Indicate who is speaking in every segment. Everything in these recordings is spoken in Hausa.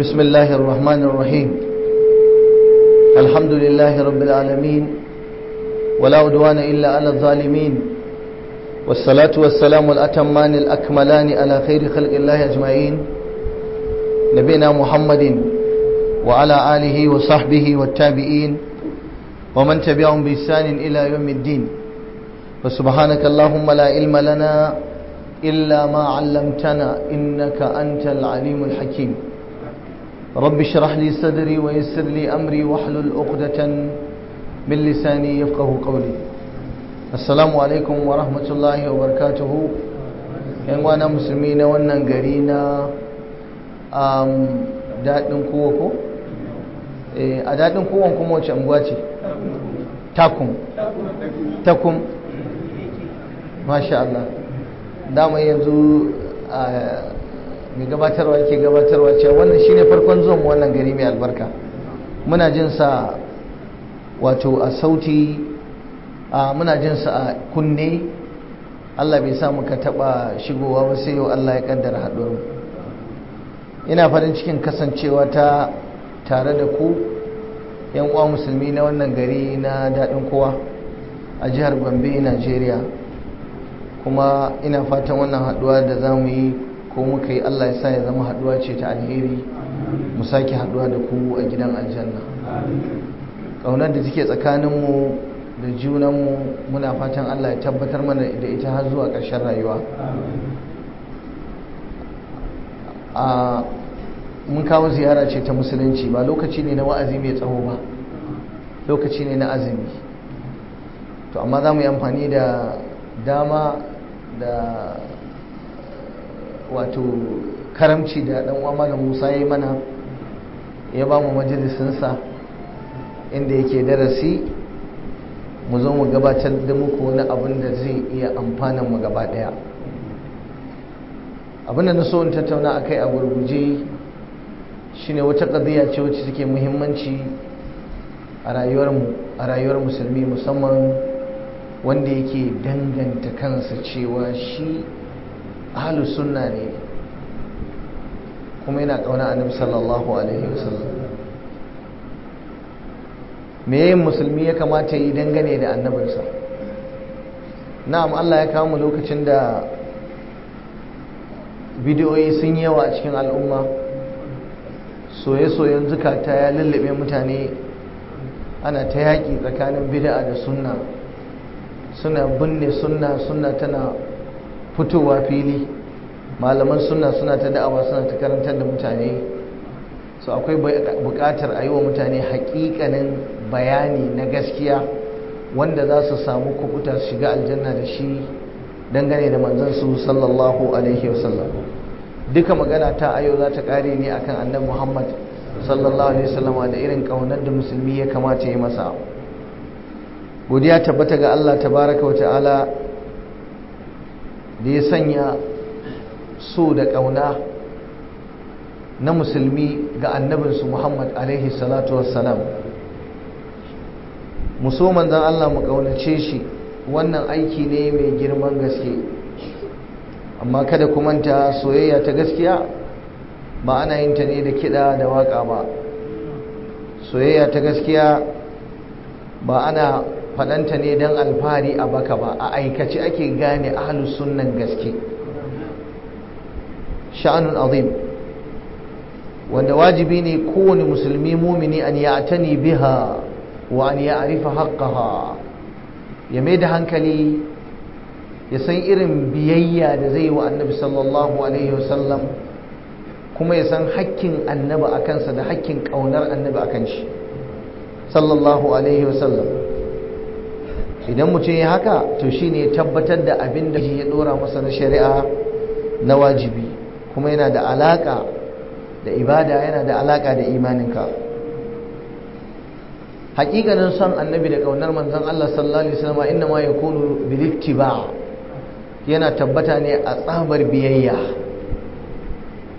Speaker 1: بسم الله الرحمن الرحيم الحمد لله رب العالمين ولا عدوان إلا على الظالمين والصلاة والسلام الأتمان الأكملان على خير خلق الله أجمعين نبينا محمد وعلى آله وصحبه والتابعين ومن تبعهم بإحسان إلى يوم الدين فسبحانك اللهم لا علم لنا إلا ما علمتنا إنك أنت العليم الحكيم رب اشرح لي صدري ويسر لي أمري واحلل عقدة من لساني يفقه قولي السلام عليكم ورحمة الله وبركاته ينوانا مسلمين وننقرينا أم daɗin kowako? a daɗin kowon kuma wace unguwa ce? takum takum masha Allah dama yanzu a mai gabatarwa yake gabatarwa cewa wannan shine farkon zuwan wannan gari mai albarka muna jin sa wato a sauti muna jin sa a kunne Allah bai sa muka taba shigowa ba sai yau Allah ya kaddara haduwar ina farin cikin kasancewa ta tare da ku yan uwa musulmi na wannan gari na daɗin kowa a jihar Gombe Najeriya kuma ina fatan wannan haɗuwa da za yi ko muka yi Allah ya sa ya zama haduwa ce ta alheri mu sake haduwa da ku a gidan aljanna Kaunar da take tsakanin mu da junan mu muna fatan Allah ya tabbatar mana da ita har zuwa ƙarshen rayuwa a mun kawo ziyara ce ta musulunci ba lokaci ne na wa'azi mai tsawo ba lokaci ne na azumi to amma za mu yi amfani da dama da wato karamci da dan uwa malam Musa yi mana ya ba mu majalisinsa inda yake darasi mu zo mu gabatar da muku wani abin da zai iya amfanan mu gaba daya abin da na so in tattauna akai a gurguje shine wata qadiya ce wacce take muhimmanci a rayuwar a rayuwar musulmi musamman wanda yake danganta kansa cewa shi ahlus sunna ne kuma yana kauna annabi sallallahu alaihi wasallam me yin musulmi ya kamata yi dangane da annabinsa na'am Allah ya kama mu lokacin da bidiyoyi sun yawa a cikin al'umma soye-soyen zukata ya lullube mutane ana ta yaƙi tsakanin bid'a da sunna suna binne sunna sunna tana fitowa fili malaman suna suna ta da'awa suna ta karantar da mutane so akwai bukatar a yi wa mutane haƙiƙanin bayani na gaskiya wanda za su samu kubuta su shiga aljanna da shi dangane da manzansu sallallahu alaihi wasallam duka magana ta ayo za ta kare ne akan annan muhammad sallallahu alaihi wasallam da irin ƙaunar da musulmi ya kamata ya masa godiya tabbata ga allah tabaraka wa ta'ala da ya sanya so da ƙauna na musulmi ga annabinsu muhammad alaihi salatu wassalam musamman zan allah mu ƙaunace shi wannan aiki ne mai girman gaske amma kada ku manta soyayya ta gaskiya ba ana yin ta ne da kiɗa da waƙa ba soyayya ta gaskiya ba ana Faɗanta ne don alfahari a baka ba a aikace ake gane ahlus sunnan gaske sha'anun azim wanda wajibi ne kowane musulmi mumini an ya'tani biha wa an ya'rifa ha. ya mai da hankali ya san irin biyayya da zai yi wa annabi sallallahu alaihi wasallam kuma ya san haƙƙin annabi a kansa da haƙƙin ƙaunar annabi a kan shi sallallahu alaihi wasallam idan mutum ya haka to shine tabbatar da abin da ya dora masa na shari'a na wajibi kuma yana da alaka da ibada yana da alaka da imaninka hakikanin son annabi da kaunar manzon Allah sallallahu alaihi wasallam inna ma yakunu bil ba yana tabbata ne a tsabar biyayya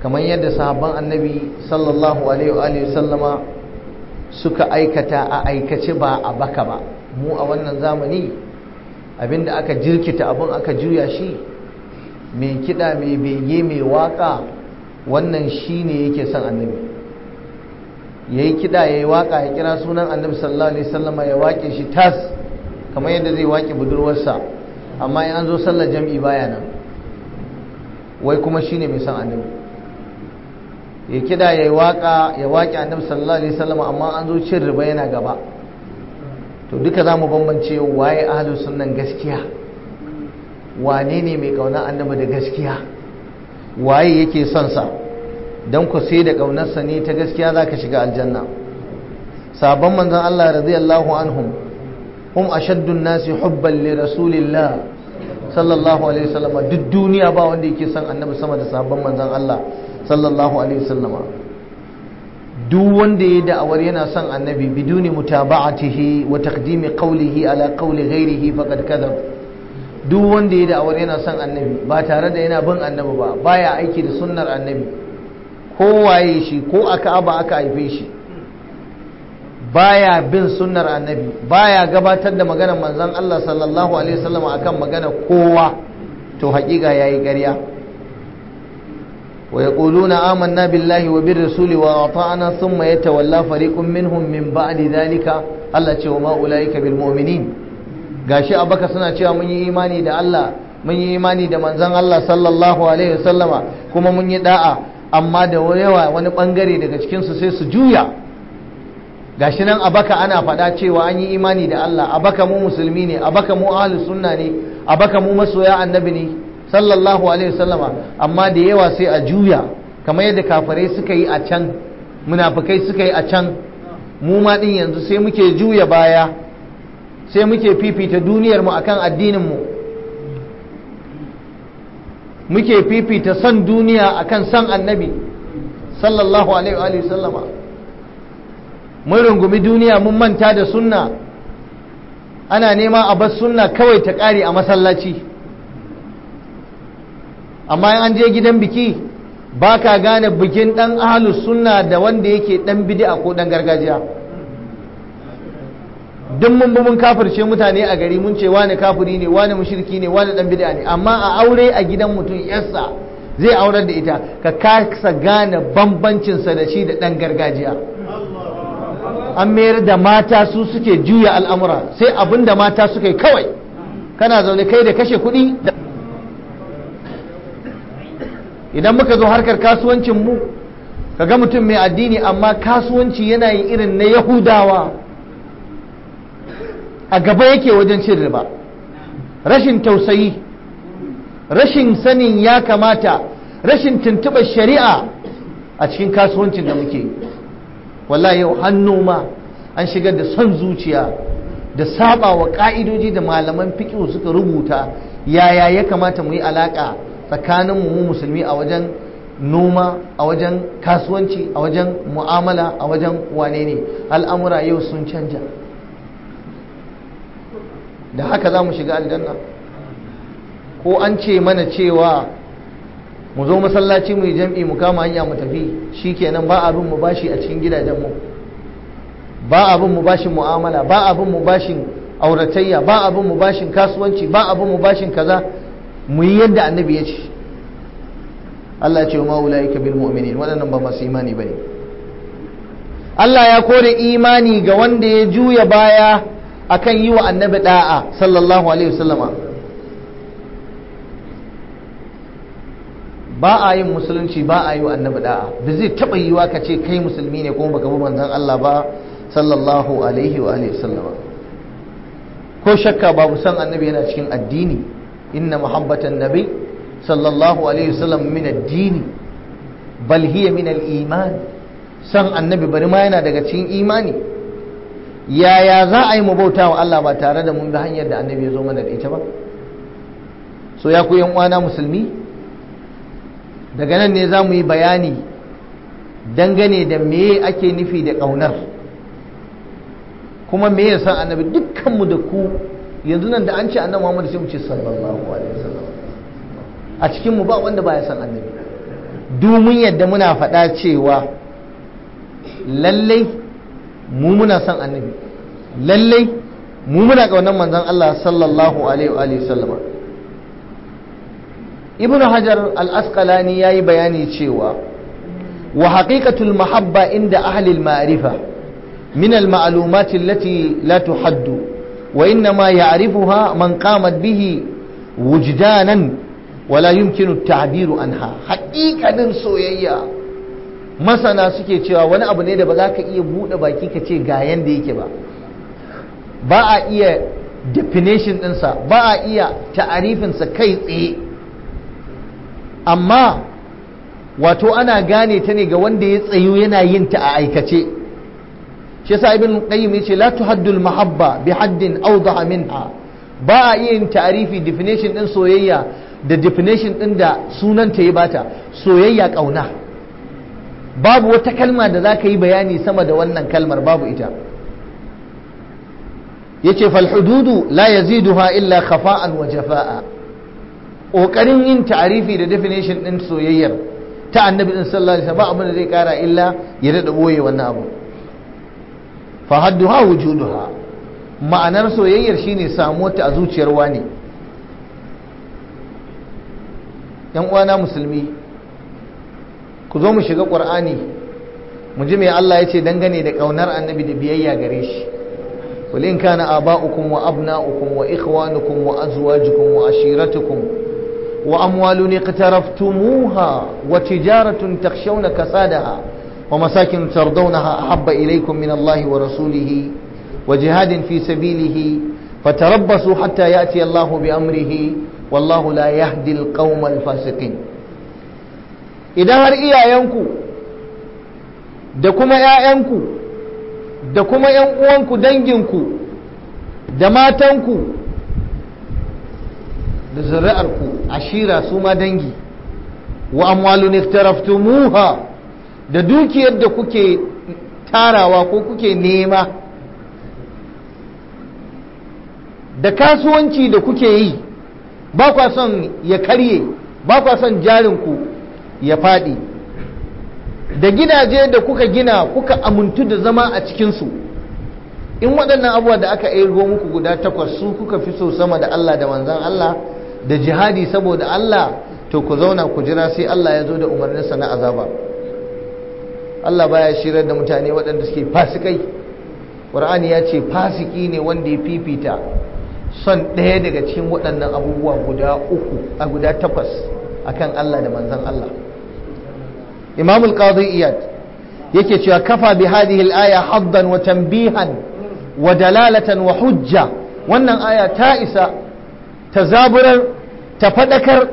Speaker 1: kamar yadda sahabban annabi sallallahu alaihi wasallama suka aikata a aikace ba a baka ba mu a wannan zamani abinda aka jirkita abin aka juya shi mai kiɗa mai bege mai waƙa wannan shi ne yake son annabi ya yi kiɗa ya yi waƙa ya kira sunan annabi sallallahu alaihi sallama ya waƙe shi tas kamar yadda zai waƙe budurwarsa amma in an zo sallar jam'i baya nan wai kuma shi ne mai son annabi ya kiɗa ya yi waka ya waƙe annabi sallallahu alaihi sallama amma an zo cin riba yana gaba to duka za mu bambance waye ahlu sunnan gaskiya wane ne mai kauna annaba da gaskiya waye yake son sa dan ku sai da kaunarsa ne ta gaskiya za ka shiga aljanna sabon manzon Allah radiyallahu anhum hum ashaddu nasi hubban li rasulillah sallallahu alaihi wasallam duk duniya ba wanda yake son annabi sama da sabon manzon Allah sallallahu alaihi wasallam duk wanda ya da'awar yana son annabi biduni mutaba'atihi wa taqdimi qawlihi ala qawli ghairihi faqad kadhab duk wanda ya da'awar yana son annabi ba tare da yana bin annabi ba baya aiki da sunnar annabi ko waye shi ko aka aba aka haife shi baya bin sunnar annabi baya gabatar da maganar manzon Allah sallallahu alaihi wasallam akan magana kowa to haƙiƙa yayi ƙarya ويقولون آمنا بالله وبالرسول وأطعنا ثم يتولى فريق منهم من بعد ذلك الله cewa ma ulaika bil mu'minin gashi abaka suna cewa mun yi imani da Allah mun yi imani da manzon Allah sallallahu alaihi wasallama kuma mun yi da'a amma da yawa wani bangare daga cikin su sai su juya gashi nan abaka ana faɗa cewa an yi imani da Allah abaka mu musulmi ne abaka mu ahlus sunna ne abaka mu masoya annabi ne sallallahu alaihi wasallama amma da yawa sai a juya kamar yadda kafirai suka yi a can munafikai suka yi a can mu ma din yanzu sai muke juya baya sai muke fifita duniyar mu akan addinin mu muke fifita san duniya akan san annabi sallallahu alaihi wasallama mun rungumi duniya mun manta da sunna ana nema a bar sunna kawai ta kare a masallaci amma an je gidan biki ba ka gane bikin ɗan ahalus suna da wanda yake ɗan bidi'a ko ɗan gargajiya duk mun bi mun kafirce mutane a gari mun ce wani kafiri ne wani mushriki ne wani ɗan bidi'a ne amma a aure a gidan mutum yarsa zai aurar da ita ka kasa gane bambancinsa da shi da ɗan gargajiya an mayar da mata su suke juya al'amura sai abin da mata suka yi kawai kana zaune kai da kashe kuɗi idan muka zo harkar kasuwancin mu kaga mutum mai addini amma kasuwanci yana yin irin na yahudawa a gaba yake wajen cin riba rashin tausayi rashin sanin ya kamata rashin tuntuɓar shari'a a cikin kasuwancin da muke yi yau hannu ma an shigar da son zuciya da saba wa ka'idoji da malaman fikihu suka rubuta yaya ya kamata mu yi alaƙa? tsakanin mu musulmi a wajen noma a wajen kasuwanci a wajen mu'amala a wajen wane ne al'amura yau sun canja da haka za mu shiga aljanna ko an ce mana cewa mu zo masallaci mu yi jam'i mu kama hanya mu tafi shi kenan ba abin mu bashi a cikin gidajen mu. ba abin mu bashin mu'amala ba abin mu bashin auratayya ba abin mu bashin kasuwanci ba abin mu bashin kaza mu yi yadda annabi ya ce Allah ce ma ulaika kabil mu'minin waɗannan ba masu imani bane Allah ya kore imani ga wanda ya juya baya akan yi wa annabi da'a sallallahu alaihi wasallama ba a yin musulunci ba a yi wa annabi da'a ba zai taɓa yiwa ka ce kai musulmi ne kuma baka bi manzon Allah ba sallallahu alaihi wa alihi wasallama ko shakka babu san annabi yana cikin addini inna muhabbatan nabi sallallahu alaihi wasallam min addini bal hiya min iman san annabi bari ma yana daga cikin imani yaya za a yi ma bauta wa Allah ba tare da mun bi hanyar da annabi ya zo mana da ita ba so ya ku uwana musulmi daga nan ne za mu yi bayani dangane da me ake nufi da ƙaunar kuma me yasa annabi dukkanmu da ku yanzu nan da an ce annabi Muhammad sai mu ce sallallahu alaihi wasallam a cikin mu ba wanda baya san annabi duk yadda muna faɗa cewa lallai mu muna san annabi lallai mu muna kaunar manzon Allah sallallahu alaihi wa sallama ibnu hajar al-asqalani yayi bayani cewa wa haqiqatul mahabba inda ahli al-ma'rifa min al-ma'lumat allati la tuhaddu وإنما يعرفها من قامت به وجدانا ولا يمكن التعبير عنها حقيقة soyayya masana suke cewa wani abu ne da ba za ka iya buɗe baki ka ce ga yanda yake ba ba a iya definition ɗinsa ba a iya ta'arifinsa kai tsaye amma wato ana gane ta ne ga wanda ya tsayu yana yin ta a aikace shi yasa ibn qayyim yace la tuhaddul mahabba bi haddin awdaha minha ba a yin ta'rifi definition din soyayya da definition din da sunanta yi bata soyayya kauna babu wata kalma da za ka yi bayani sama da wannan kalmar babu ita yace fal hududu la yaziduha illa khafa'an wa jafa'a kokarin yin ta'arifi da definition din soyayyar ta annabi sallallahu alaihi wasallam ba abin da zai kara illa ya dada boye wannan abu fa hadduha wujuduha ma'anar soyayyar shine samuwar ta a zuciyar wani yan uwana musulmi ku zo mu shiga qur'ani mu ji me Allah ya ce dangane da kaunar annabi da biyayya gare shi قل إن كان آباؤكم وأبناؤكم وإخوانكم وأزواجكم وعشيرتكم وأموال اقترفتموها وتجارة تخشون كسادها ومساكن ترضونها أحب إليكم من الله ورسوله وجهاد في سبيله فتربصوا حتى يأتي الله بأمره والله لا يهدي القوم الفاسقين idan har iyayenku da kuma ‘ya'yanku da kuma ‘yan uwanku danginku da matanku da zuri'arku ashira su ma dangi wa amwalun muha. da dukiyar da kuke tarawa ko kuke nema da kasuwanci da kuke yi ba kwa son ya karye ba kwa son jarinku ya faɗi da gidaje da kuka gina kuka amintu da zama a cikinsu in waɗannan abuwa da aka irgo muku guda takwas su kuka fi so sama da Allah da manzan Allah da jihadi saboda Allah to ku zauna ku jira sai Allah ya zo da umarninsa na azaba Allah baya shirar da mutane waɗanda suke fasikai ƙur'ani ya ce fasiki ne wanda ya fifita son ɗaya daga cikin waɗannan abubuwa guda uku a guda takwas akan Allah da manzan Allah Imam al-Qadi Iyad yake cewa kafa bi hadhihi al-aya haddan wa tanbihan wa dalalatan wa hujja wannan aya ta isa ta zaburar ta faɗakar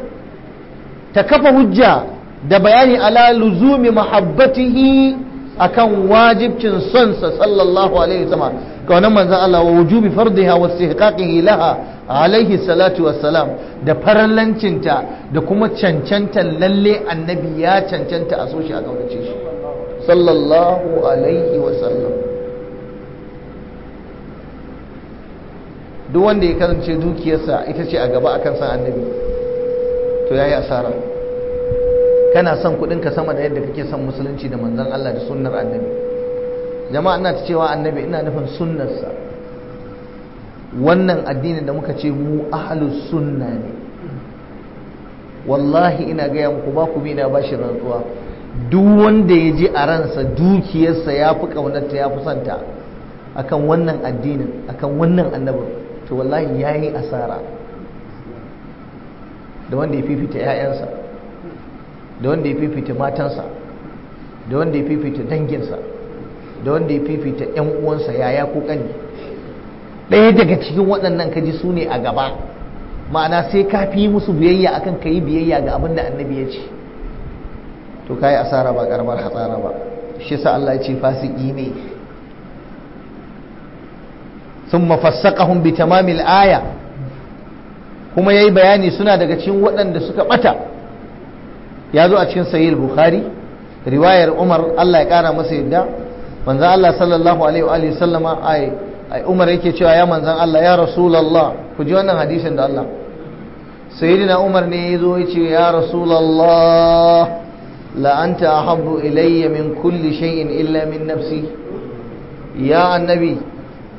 Speaker 1: ta kafa hujja da bayani ala luzumi mahabbatihi akan wajibcin son sa sallallahu alaihi wasallam ga wannan manzon Allah wa wujubi fardiha wa istihqaqihi laha alaihi salatu wassalam da farallancinta da kuma cancanta lalle annabi ya cancanta a soshi a kaunace shi sallallahu alaihi wasallam duk wanda ya kasance dukiyarsa ita ce a gaba akan san annabi to yayi asara kana son ka sama da yadda kake son musulunci da manzon Allah da sunnar annabi jama'a ina ta cewa annabi ina nufin sunnarsa wannan addinin da muka ce mu ahlus sunna ne wallahi ina gaya muku ba ku da bashi rantsuwa duk wanda ya ji a ransa dukiyarsa ya fi ƙaunarta ya fi santa akan wannan addinin akan wannan annabin to wallahi ya yi asara da wanda ya fifita 'ya'yansa da wanda ya fifita matansa da wanda ya fifita danginsa da wanda ya fifita 'yan uwansa yaya ko kani ɗaya daga cikin waɗannan kaji su ne a gaba ma'ana sai ka fi musu biyayya akan ka yi biyayya ga abin da annabi ya ce to ka yi asara ba karamar hatsara ba shi sa Allah ya ce fasiki ne sun mafassakahun bi tamamil aya kuma ya yi bayani suna daga cikin waɗanda suka ɓata ya zo a cikin sayil bukhari riwayar umar Allah ya kara masa yadda manzan Allah sallallahu alaihi wa sallama ai umar yake cewa ya manzan Allah ya rasulallah ku ji wannan hadisin da Allah na umar ne ya zo ya ce ya rasulallah la'anta a habu ilayya min kulli shay'in illa min nafsi ya annabi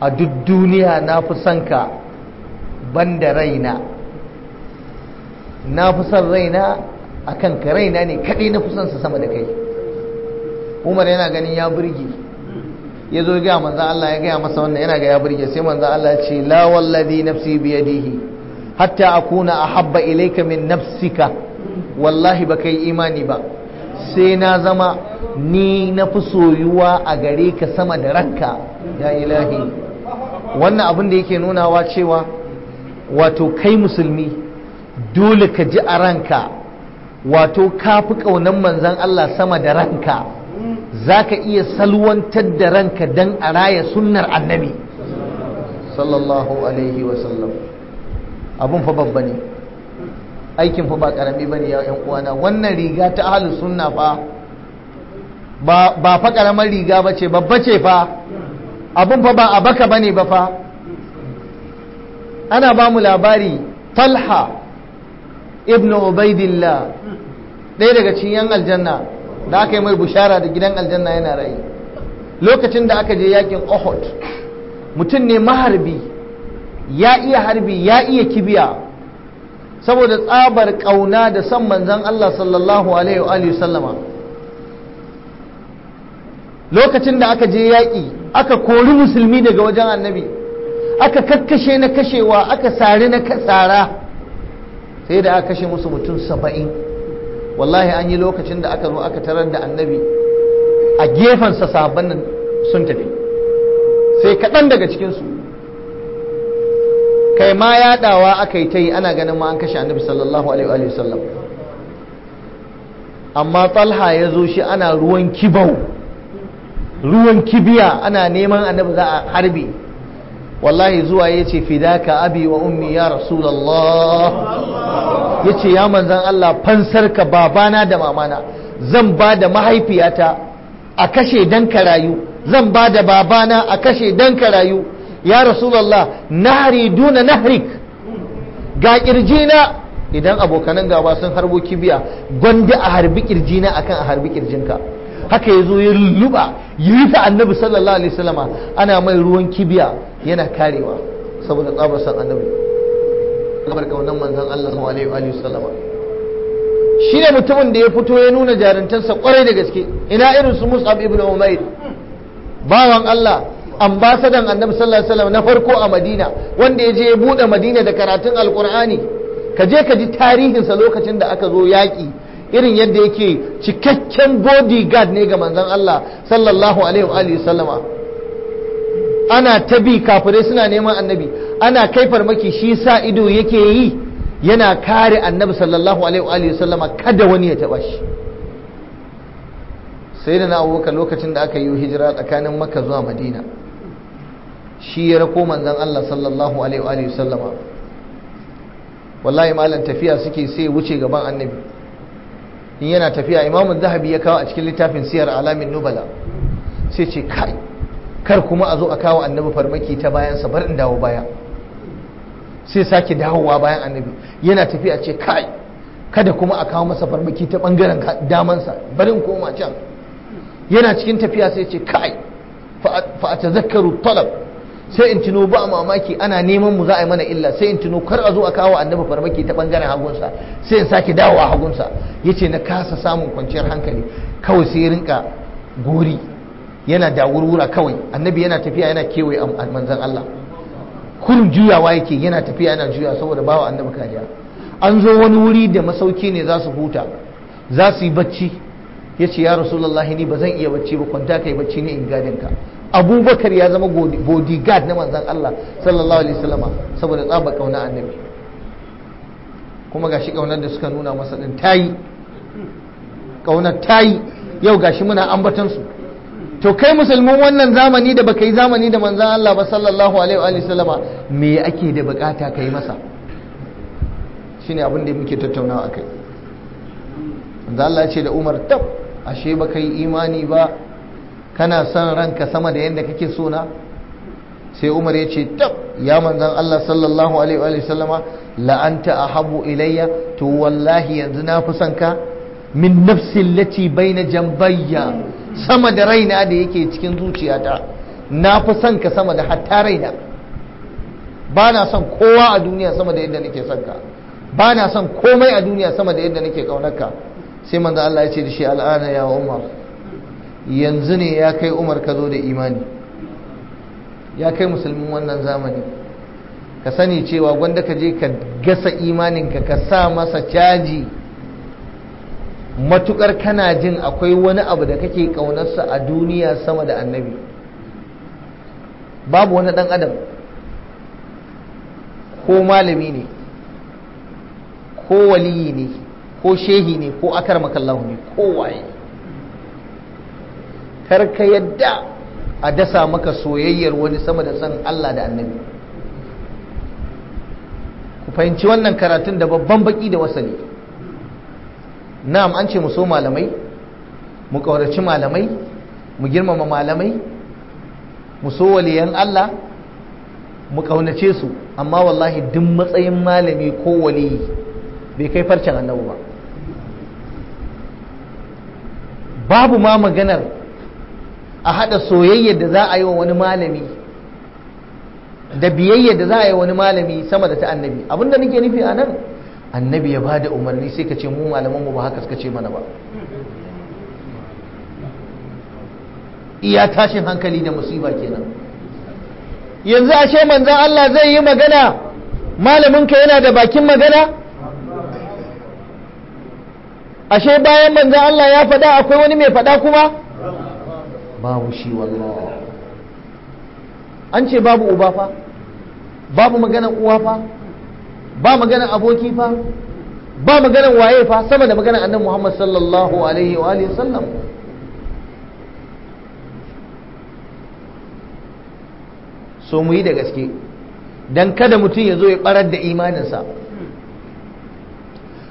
Speaker 1: a duk duniya na fi son ka banda raina na fi san raina akan ka raina ne kaɗai na kusan sama da kai umar yana ganin ya burge ya zo gaya manzan Allah ya gaya masa wannan yana ga ya burge sai manzan Allah ya ce la wallazi nafsi yadihi hatta akuna ahabba ilayka min nafsika wallahi ba kai imani ba sai na zama ni na fi soyuwa a gare ka sama da ranka ya ilahi wannan abin da yake nunawa cewa wato kai musulmi dole ka ji a ranka wato ka fi ƙaunar manzan Allah sama da ranka za ka iya salwantar da ranka don a raya sunnar annabi sallallahu alaihi wasallam abun fa babba ne aikin fa ba karami ba ne ya yan uwana wannan riga ta ahalus sunna fa ba fa karamar riga ba ce babba ce fa abun fa ba a baka ba ne ba fa ana ba mu labari talha ibn ubaidillah ɗaya daga cikin yan aljanna da aka yi mai bushara da gidan aljanna yana rai lokacin da aka je yakin Ohod, mutum ne maharbi ya iya harbi ya iya kibiya saboda tsabar ƙauna da son manzan Allah sallallahu alaihi sallama lokacin da aka je yaƙi aka kori musulmi daga wajen annabi aka kakkashe na kashewa aka sari na tsara sai da aka kashe musu mutum saba'in wallahi an yi lokacin da aka zo aka tarar da annabi a gefensa sabon nan sun tafi sai kaɗan daga cikinsu kai ma yaɗawa aka yi ta yi ana ganin ma an kashe annabi sallallahu alaihi wa amma talha ya zo shi ana ruwan kibau ruwan kibiya ana neman annabi za a harbe wallahi zuwa ya ce fidaka abi wa ummi ya rasulallah ya ce ya manzan Allah fansarka babana da mamana zan ba da mahaifiyata a kashe don ka rayu zan ba da babana a kashe don ka rayu ya rasulallah nahari duna nahrik ga kirjina idan abokanan gaba sun harbo kibiya gwanda a harbi kirjina akan a harbi kirjinka haka ya zo ya luba ya rufe annabi sallallahu alaihi wasallama ana mai ruwan kibiya yana karewa saboda tsabar san annabi kamar kaunan manzon Allah sallallahu alaihi Shi shine mutumin da ya fito ya nuna jarintarsa kwarai da gaske ina irin su Mus'ab ibn Umair bawan Allah ambasadan annabi sallallahu alaihi wasallam na farko a Madina wanda ya je ya bude Madina da karatun Alqur'ani ka je ka ji tarihinsa lokacin da aka zo yaƙi irin yadda yake cikakken bodyguard ne ga manzon Allah sallallahu alaihi wa sallama ana ta bi kafirai suna neman annabi ana kai farmaki shi sa ido yake yi yana kare annabi sallallahu alaihi wa sallama kada wani ya taba shi sai da na abubakar lokacin da aka yi hijira tsakanin makka zuwa madina shi ya rako manzan Allah sallallahu alaihi wa sallama wallahi malam tafiya suke sai wuce gaban annabi in yana tafiya imamun zahabi ya kawo a cikin littafin siyar alamin nubala sai ce kai kar kuma a zo a kawo annabi farmaki ta bayansa bar in dawo baya sai sake dawowa bayan annabi yana tafiya ce kai kada kuma a kawo masa farmaki ta bangaren damansa barin koma can yana cikin tafiya sai ce kai fa a tazakkaru talab sai in tuno ba mamaki ana neman mu za a yi mana illa sai in tuno kar a zo a kawo annabi farmaki ta bangaren hagunsa sai in sake dawowa hagunsa yace na kasa samun kwanciyar hankali kawai sai rinka gori yana da wurwura kawai annabi yana tafiya yana kewaye manzan Allah kullum juyawa yake yana tafiya yana juya saboda bawa annabi kariya an zo wani wuri da masauki ne za su huta za su yi bacci ya ce ya rasulullahi ni ba zan iya bacci ba kwanta kai bacci ne in gadin ka abubakar ya zama bodyguard na manzan Allah sallallahu alaihi wasallama saboda tsaba kauna annabi kuma gashi kaunar da suka nuna masa din tayi kaunar tayi yau gashi muna ambatansu to kai musulmin wannan zamani da baka yi zamani da manzan Allah ba sallallahu alaihi wa sallama me ake da bukata kai masa shine abin da muke tattaunawa akai manzan Allah ce da Umar tab ashe baka imani ba kana son ranka sama da yadda kake so na sai Umar ya ce tab ya manzan Allah sallallahu alaihi wa sallama la'anta ahabu ilayya to wallahi yanzu na fi son ka min nafsin lati baina jambayya sama da raina da yake cikin zuciyata na fi son ka sama da hatta raina ba na son kowa a duniya sama da yadda nake son ka ba na son komai a duniya sama da yadda nake kaunarka sai manzo Allah ya ce da shi al'ana ya Umar yanzu ne ya kai Umar ka zo da imani ya kai musulmin wannan zamani ka sani cewa gwanda ka je ka gasa imaninka ka sa masa caji matukar kana jin akwai wani abu da kake kaunarsa a duniya sama da annabi babu wani dan adam ko malami ne ko waliyi ne ko shehi ne ko akar makallahu ne ko waye karka yadda a dasa maka soyayyar wani sama da san Allah da annabi ku fahimci wannan karatun da babban baki da wasali na'am an ce mu so malamai mu ƙauraci malamai mu girmama malamai mu so waliyan Allah mu ƙaunace su amma wallahi duk matsayin malami ko waliyi bai kai farcen annabi ba babu ma maganar a haɗa soyayya da za a yi wa wani malami da biyayya da za a yi wa wani malami sama da ta annabi abinda nake nufi a nan annabi ya bada umarni sai ka ce mu malaman mu ba haka suka ce mana ba iya tashin hankali da musiba kenan yanzu ashe manzan Allah zai yi magana malaminka yana da bakin magana ashe bayan manzan Allah ya faɗa akwai wani mai faɗa kuma babu shi wallahi an ce babu uba fa babu maganar uwa fa ba maganan aboki fa ba maganan waye fa sama da maganan annabi Muhammad sallallahu alaihi wa alihi sallam so mu yi da gaske dan kada mutum ya zo ya barar da imaninsa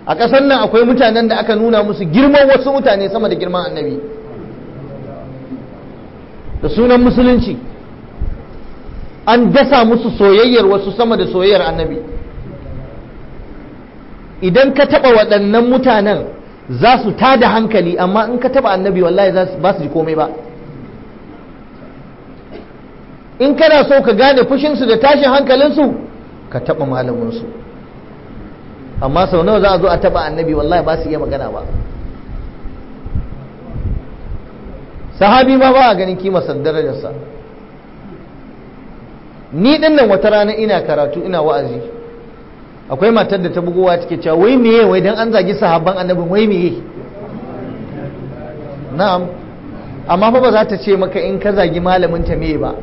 Speaker 1: a ƙasar nan akwai mutanen da aka nuna musu girman wasu mutane sama da girman annabi da sunan musulunci an dasa musu soyayyar wasu sama da soyayyar annabi idan ka taba waɗannan mutanen za su da hankali amma in ka taba annabi wallahi ba su ji komai ba in kana so ka gane fushinsu da tashin hankalinsu ka taba malaminsu amma sau nawa za a zo a taba annabi wallahi ba su iya magana ba sahabi ma ba a ganin kimarsa darajarsa ni ɗin nan wata rana ina karatu ina wa'azi akwai matar da ta bugowa take cewa wai meye wai dan an zagi sahabban annabin wai meye na'am amma fa ba za ta ce maka in ka zagi malamin ta meye ba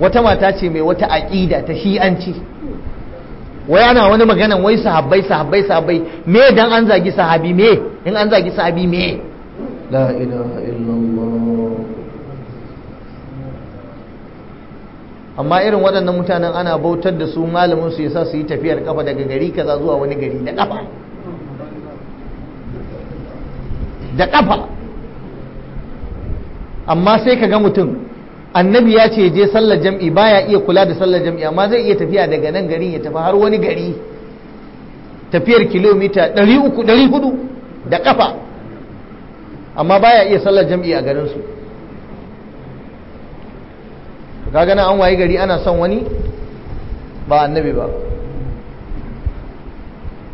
Speaker 1: wata mata ce mai wata aqida ta shi'anci wai ana wani magana wai sahabbai sahabbai sahabbai me dan an zagi sahabi me in an zagi sahabi me la ilaha illallah amma irin waɗannan mutanen ana bautar da su malamin su yasa su yi tafiyar kafa daga gari kaza zuwa wani gari da kafa da kafa amma sai ka ga mutum annabi ya ce je sallar jam'i baya iya kula da sallar jam'i amma zai iya tafiya daga nan garin ya tafi har wani gari tafiyar kilomita 300 400 da kafa amma baya iya sallar jam'i a su. to kaga nan an waye gari ana son wani ba annabi ba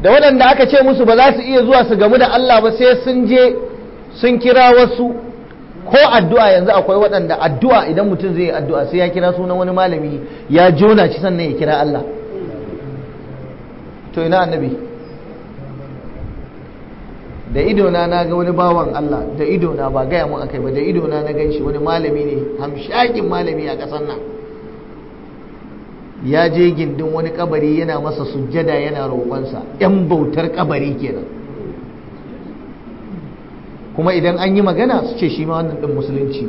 Speaker 1: da waɗanda aka ce musu ba za su iya zuwa su gamu da Allah ba sai sun je sun kira wasu ko addu'a yanzu akwai waɗanda addu'a idan mutum zai yi addu'a sai ya kira sunan wani malami ya jona ci sannan ya kira Allah to ina annabi da idona na ga wani bawan Allah da idona ba gaya mun akai ba da idona na ganshi wani malami ne hamshakin malami a ƙasar nan ya je gindin wani kabari yana masa sujjada yana roƙonsa yan bautar kabari kenan kuma idan an yi magana su ce shi ma wannan ɗan musulunci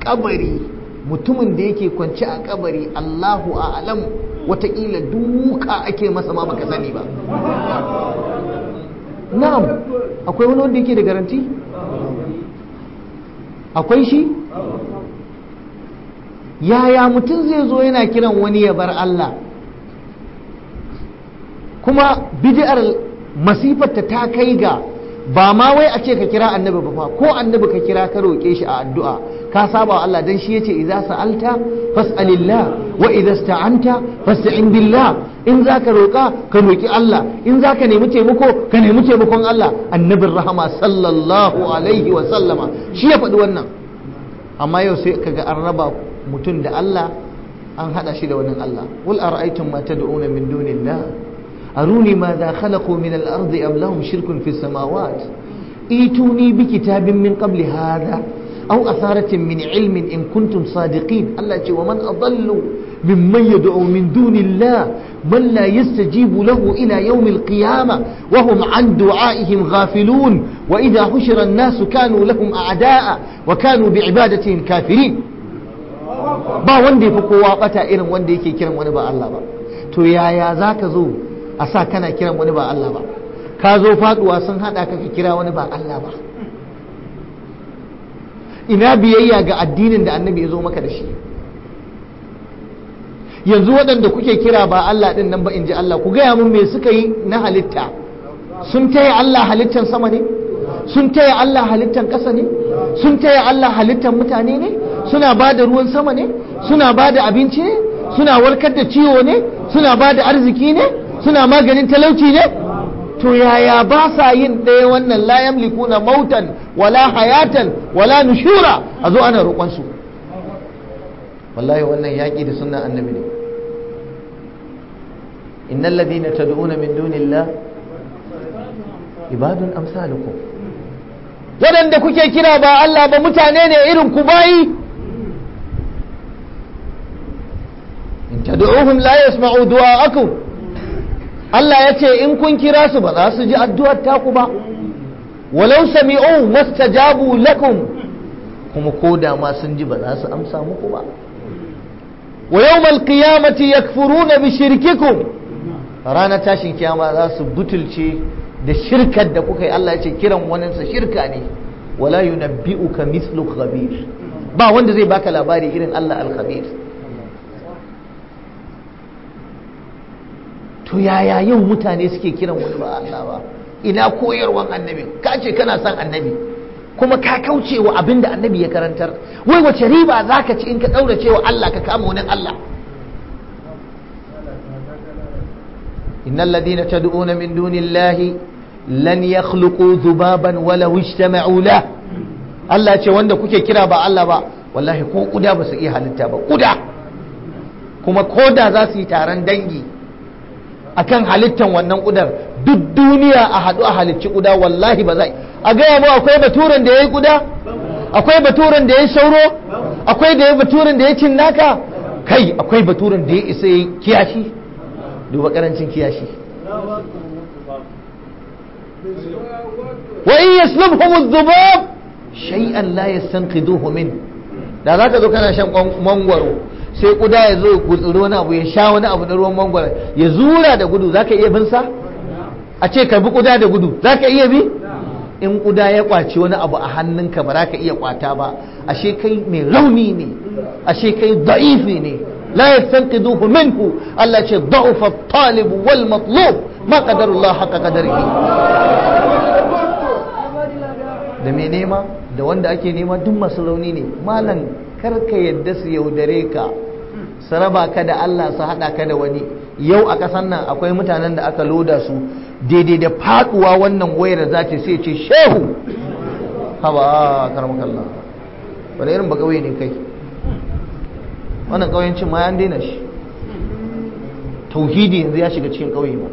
Speaker 1: Ƙabari, kabari mutumin da yake kwance a kabari Allahu a a'lam watakila duka ake masa ma baka sani
Speaker 2: ba
Speaker 1: na'am akwai wani wanda yake da garanti akwai shi yaya mutum zai zo yana kiran wani ya bar Allah kuma bid'ar masifarta ta kai ga ba ma wai a ce ka kira annabi ba ko annabi ka kira ka roƙe shi a addu'a ka saba wa Allah dan shi yace idza sa'alta fas'alillah wa idza sta'anta fasta'in billah in zaka roka ka roki Allah in zaka nemi taimako ka nemi taimakon Allah annabin rahama sallallahu alaihi wa sallama shi ya faɗi wannan amma yau sai kaga an raba mutum da Allah an hada shi da wannan Allah wal ara'aytum ma tad'una min dunillah aruni madha khalaqu min al-ardi am lahum shirkun fis samawat biki ta bin min qabli hadha أو أثارة من علم إن كنتم صادقين الله يقول ومن أضل ممن يدعو من دون الله من لا يستجيب له إلى يوم القيامة وهم عن دعائهم غافلون وإذا حشر الناس كانوا لهم أعداء وكانوا بعبادتهم كافرين با وندي فقوا بتا إلن وندي كي كرم ونبا الله با تو يا يا ذاك زو أساكنا كرم ونبا الله با كازو فاد واسن هذا كي كرا ونبا الله با ina biyayya ga addinin da annabi ya zo maka da shi yanzu waɗanda kuke kira ba Allah ɗin nan ba in ji Allah ku gaya mun mai suka yi na halitta sun taya Allah halittan sama ne sun taya Allah halittan ƙasa ne sun taya Allah halittan mutane ne suna ba da ruwan sama ne suna ba da abinci ne suna warkar da ciwo ne suna ba da arziki ne suna maganin talauci ne to yaya ba sa yin ɗaya wannan la yamlikuna mautan wala hayatan wala nushura a zo ana roƙonsu. su wallahi wannan yaƙi da sunnan annabi ne innal ladina tad'una min dunillah ibadun amsalukum waɗanda kuke kira ba Allah ba mutane ne irin ku bayi in ta tad'uhum la yasma'u du'a'akum Allah ya ce in kun kira su ba za su ji addu'ar taku ba walau sami'u mastajabu lakum kuma ko da sun ji ba za su amsa muku ba wa yawmal qiyamati yakfuruna bi shirkikum ranar tashin kyama za su butulce da shirkar da kuka yi Allah ya ce kiran waninsa shirka ne wala yunabbi'uka mithlu khabir ba wanda zai baka labari irin Allah al-khabir yaya yau mutane suke kiran wani ba Allah ba ina koyarwa annabi ka ce kana son annabi kuma ka kaucewa abinda annabi ya karantar wai wace riba za ka ci in ka ɗaurace wa Allah ka kama wani Allah إن الذين تدعون من دون الله لن يخلقوا ذبابا ولو اجتمعوا له Allah ce wanda kuke kira ba Allah ba wallahi ko kuda ba su iya halitta ba kuda kuma koda za su yi taron dangi akan halittan wannan ƙudar. duk duniya a haɗu a halicci guda wallahi ba zai a gaya mu akwai baturan da ya yi guda akwai baturan da ya sauro akwai da ya baturen da ya cinnaka kai akwai baturan da ya isa ya kiyashi duba karancin kiyashi wa in yaslubhum adh-dhubab shay'an la yastanqidhuhu min da zaka zo kana shan mangwaro sai kuda ya zo ya gutsuro wani abu ya sha wani abu da ruwan mangwaro ya zura da gudu zaka iya bin a ce ka bi kuda da gudu za ka iya bi in kuda ya kwaci wani abu a hannunka ba za ka iya kwata ba ashe kai mai rauni ne ashe kai da'ifi ne la yastanqidhuhu minku Allah ce da'ufa at-talib wal matlub ma qadarullah haqa qadarihi da mai nema da wanda ake nema duk masu rauni ne malam kar ka yadda su yaudare ka su raba ka da Allah su hada ka da wani yau a kasan nan akwai mutanen da aka loda su daidai da faduwa wannan wayar za ta sai ce shehu haba karamin Allah wani irin bakawai ne kai wannan kawancin ma ya daina shi tauhidi yanzu ya shiga cikin kawai ba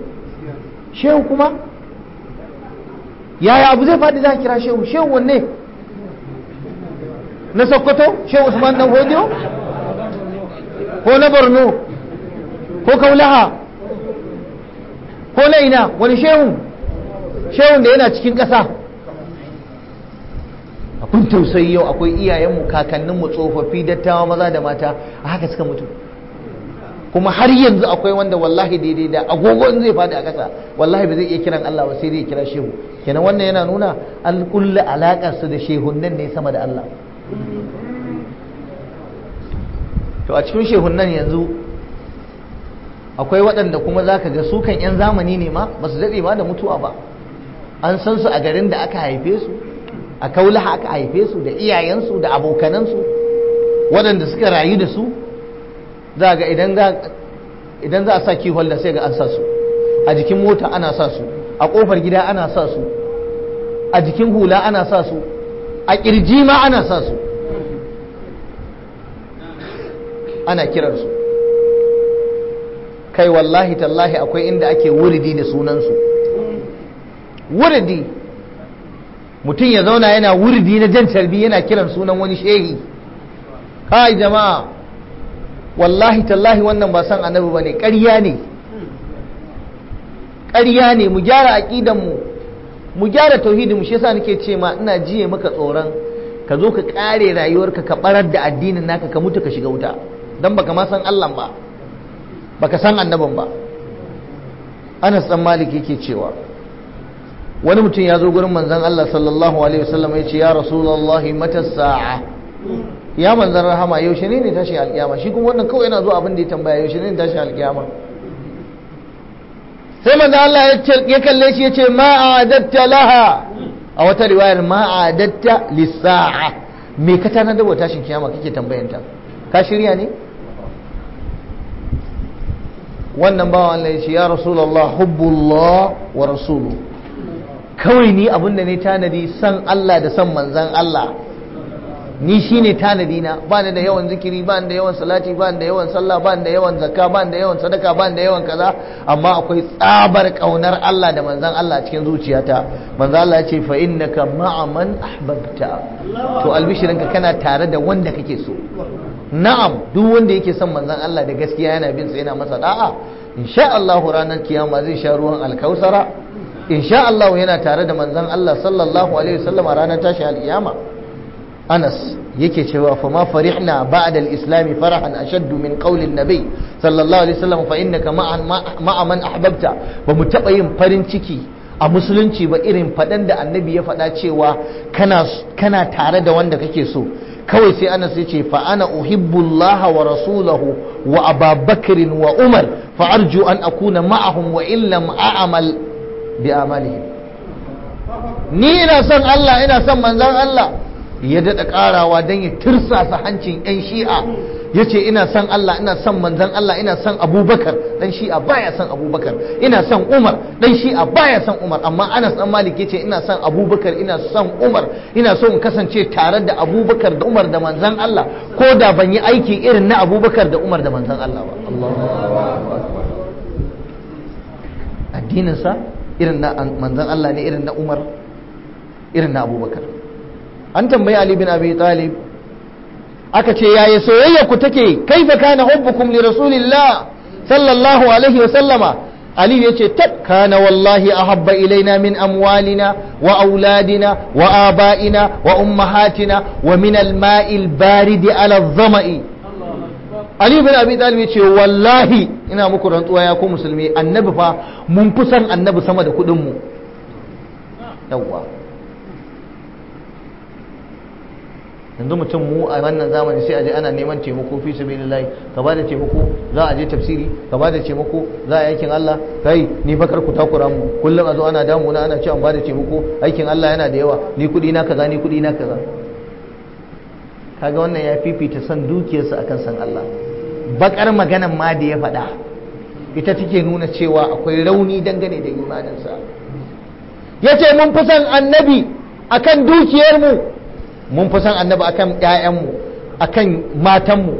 Speaker 1: shehu kuma yaya abu zai faɗi za a kira shehu shehu wanne na sokoto shehu usman dan hodiyo ko na borno ko kaulaha ko na ina wani shehun shehun da yana cikin ƙasa Akwai tausayi yau akwai iyayenmu kakanninmu tsofaffi dattawa maza da mata a haka suka mutu kuma har yanzu akwai wanda wallahi daidai da agogon zai faɗi a ƙasa wallahi ba zai iya kiran Allah ba sai dai kira shehu kenan wannan yana nuna an kulla alaƙar su da nan ne sama da Allah to a cikin nan yanzu akwai waɗanda kuma za ka ga sukan 'yan zamani ne ma ba su daɗe ba da mutuwa ba an san su a garin da aka haife su a kaulaha aka haife su da iyayensu da abokanansu waɗanda suka rayu da su za ga idan za a sa kihon da sai ga an sa su a jikin mota ana sa su a ƙofar gida ana sa su a jikin hula ana sa su a ƙirji ma ana sa su ana kiransu kai wallahi tallahi akwai inda ake wuridi da sunansu wuridi mutum ya zauna yana wuridi na jan tarbi yana kiran sunan wani shehi kai jama'a wallahi tallahi wannan ba san annabi ne. ƙarya ne ƙarya ne mu gyara aqidan mu mu gyara tauhidi mu shi yasa nake ce ma ina jiye maka tsoron ka zo ka kare rayuwarka ka barar da addinin naka ka mutu ka shiga wuta dan baka ma san Allah ba baka san annabin ba anas dan malik yake cewa wani mutum ya zo gurin manzon Allah sallallahu alaihi wasallam ya ce ya rasulullahi mata sa'a ya manzon rahama yaushe ne ne tashi alkiyama shi kuma wannan kawai yana zuwa abin da ya tambaya yaushe ne ne tashi alkiyama sai manzon Allah ya kalle shi ya ce ma adatta laha a wata riwayar ma adatta lisa'a me ka tana da tashin kiyama kake tambayanta ka shirya ne wannan bawan Allah ya ce ya rasulullah hubbullah wa rasulu kawai ni abunda da ne tanadi san Allah da san manzan Allah ni shine tanadi na ba ni da yawan zikiri ba ni da yawan salati ba ni da yawan sallah ba ni da yawan zakka ba ni da yawan sadaka ba ni da yawan kaza amma akwai tsabar kaunar Allah da manzan Allah cikin zuciyata manzan Allah ya ce fa innaka ma'a man ahbabta to albishirinka kana tare da wanda kake so na'am duk wanda yake son manzon Allah da gaskiya yana bin sa yana masa da'a insha Allah ranar kiyama zai sha ruwan alkausara insha Allah yana tare da manzon Allah sallallahu alaihi wasallam ranar tashi alkiyama Anas yake cewa fa ma farihna ba'da al-islam farahan ashaddu min qawli an-nabi sallallahu alaihi wasallam fa innaka ma'a man ahbabta ba mu taba yin farin ciki a musulunci ba irin fadan da annabi ya faɗa cewa kana kana tare da wanda kake so kawai sai anas ya ce fa ana uhibbullaha wa rasulahu wa ababakr wa umar fa arju an akuna ma'ahum wa illam a'mal bi amalihim ni ina son Allah ina son manzon Allah ya daɗa ƙarawa don ya tirsasa hancin 'yan shi'a ya ce ina son Allah ina son manzan Allah ina son abubakar dan shi'a baya son abubakar ina son umar dan shi'a baya son umar amma anas dan malik ya ce ina son abubakar ina son umar ina so in kasance tare da abubakar da umar da manzan Allah ko da ban yi aiki irin na abubakar da umar da manzan Allah ba addininsa irin na manzan Allah ne irin na umar irin na abubakar an tambayi ali bin abi talib aka ce yaya soyayya ku take kaifa kana hubbukum li rasulillah sallallahu alaihi wa sallama ali yace ta kana wallahi ahabba ilaina min amwalina wa auladina wa abaina wa ummahatina wa min al-ma'il baridi ala adh-dhama'i Ali bin Abi Talib ce wallahi ina muku rantsuwa ya ku musulmi annabi fa mun fi son annabi sama da kuɗin mu yawwa yanzu mutum mu a wannan zamani sai a je ana neman taimako fi sabilillahi ka ba da taimako za a je tafsiri ka ba da taimako za a yi aikin Allah kai ni bakar ku takura mu kullum a zo ana damu na ana cewa an da taimako aikin Allah yana da yawa ni kudi na kaza ni kudi na kaza kaga wannan ya fifita san dukiyarsa akan san Allah bakar maganan ma da ya faɗa ita take nuna cewa akwai rauni dangane da imaninsa Ya ce mun fi san annabi akan dukiyarmu mun fi san annabi akan ƴaƴanmu akan matanmu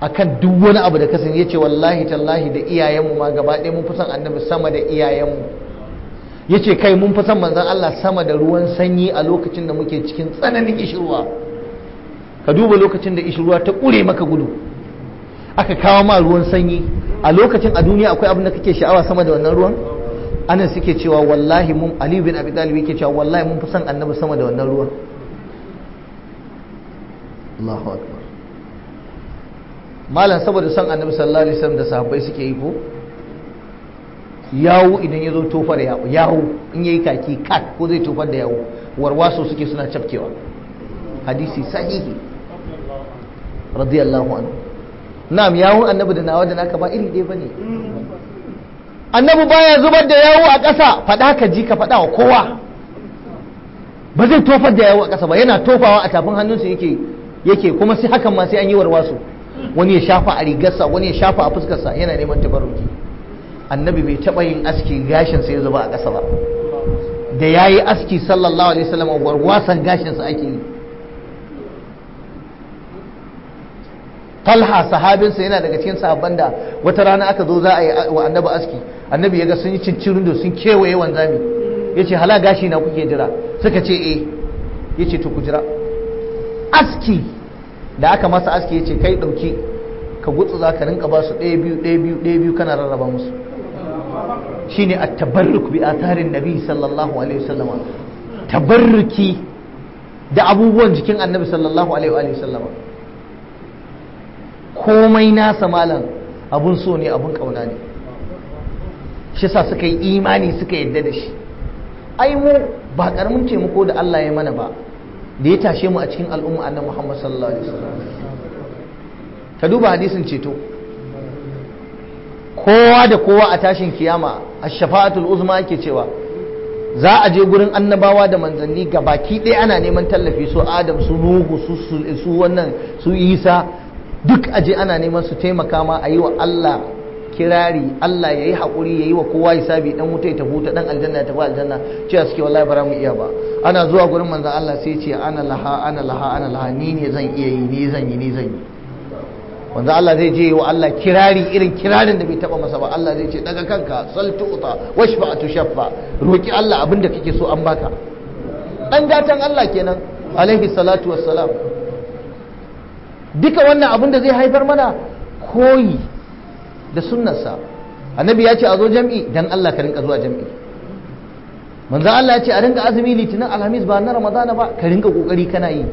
Speaker 1: akan duk wani abu da ka Ya yace wallahi tallahi da iyayenmu ma gaba ɗaya mun fi san annabi sama da iyayenmu yace kai mun fi san manzon Allah sama da ruwan sanyi a lokacin da muke cikin tsananin ishirwa. ka duba lokacin da ishirwa ta ƙure maka gudu aka kawo ma ruwan sanyi a lokacin a duniya akwai abin da kake sha'awa sama da wannan ruwan anan suke cewa wallahi mun aliyu bin abi talib yake cewa wallahi mun fi son annabi sama da wannan ruwan
Speaker 2: Allahu akbar
Speaker 1: malam saboda son annabi sallallahu alaihi wasallam da sahabbai suke yi ko yawo idan ya zo tofar yawo in yayi kaki kat ko zai tofar da yawo warwaso suke suna cafkewa hadisi sahihi radiyallahu anhu na'am yawo annabi da nawa da naka ba iri dai bane annabi baya zubar da yawo a ƙasa fada ka ji ka fada wa kowa ba zai tofar da yawo a ƙasa ba yana tofawa a tafin hannunsa yake yake kuma sai hakan ma sai an yi warwaso wani ya shafa a rigarsa wani ya shafa a fuskarsa yana neman tabarruki annabi bai taɓa yin aski gashin sa ya zuba a ƙasa ba da yayi aski sallallahu alaihi wasallam warwasan gashin sa ake yi talha sahabinsa yana daga cikin sahabban da wata rana aka zo za a yi wa annabi aski annabi ya ga sun yi cincirin da sun kewaye wanzami yace hala gashi na kuke jira suka ce eh yace to ku jira aski da aka masa aski ya ce kai ɗauki ka gutsu za ka rinka ba su ɗaya biyu ɗaya biyu ɗaya biyu kana rarraba musu shi ne a tabarruk bi tarin nabi sallallahu alaihi wasallama tabarruki da abubuwan jikin annabi sallallahu alaihi wasallama komai nasa malam abun so ne abun kauna ne shi sa suka yi imani suka yadda da shi ai mu ba karamin taimako da Allah ya mana ba da ya tashe mu a cikin al'umma annan Muhammad sallallahu alaihi wasallam ka duba hadisin ceto kowa da kowa a tashin kiyama a shafaatul uzma ake cewa za a je gurin annabawa da manzanni ga baki ɗaya ana neman tallafi su adam su nuhu su wannan su isa duk aje ana neman su taimaka ma a yi wa Allah kirari Allah ya yi haƙuri ya yi wa kowa hisabi dan wuta ya tafi wuta dan aljanna ya tafi aljanna ce a suke wallahi bara mu iya ba ana zuwa gurin manzan Allah sai ce ana laha ana laha ana laha ni ne zan iya yi ni zan yi ni zan yi wanzan Allah zai je wa Allah kirari irin kirarin da bai taba masa ba Allah zai ce daga kanka saltu uta washfa tushaffa roki Allah abin da kake so an baka dan gatan Allah kenan alaihi salatu wassalam duka wannan abin da zai haifar mana koyi da sunnarsa annabi ya ce a zo jam'i dan Allah ka rinka zuwa jam'i manzo Allah ya ce a rinka azumi litinin alhamis ba na ramadana ba ka rinka kokari kana yi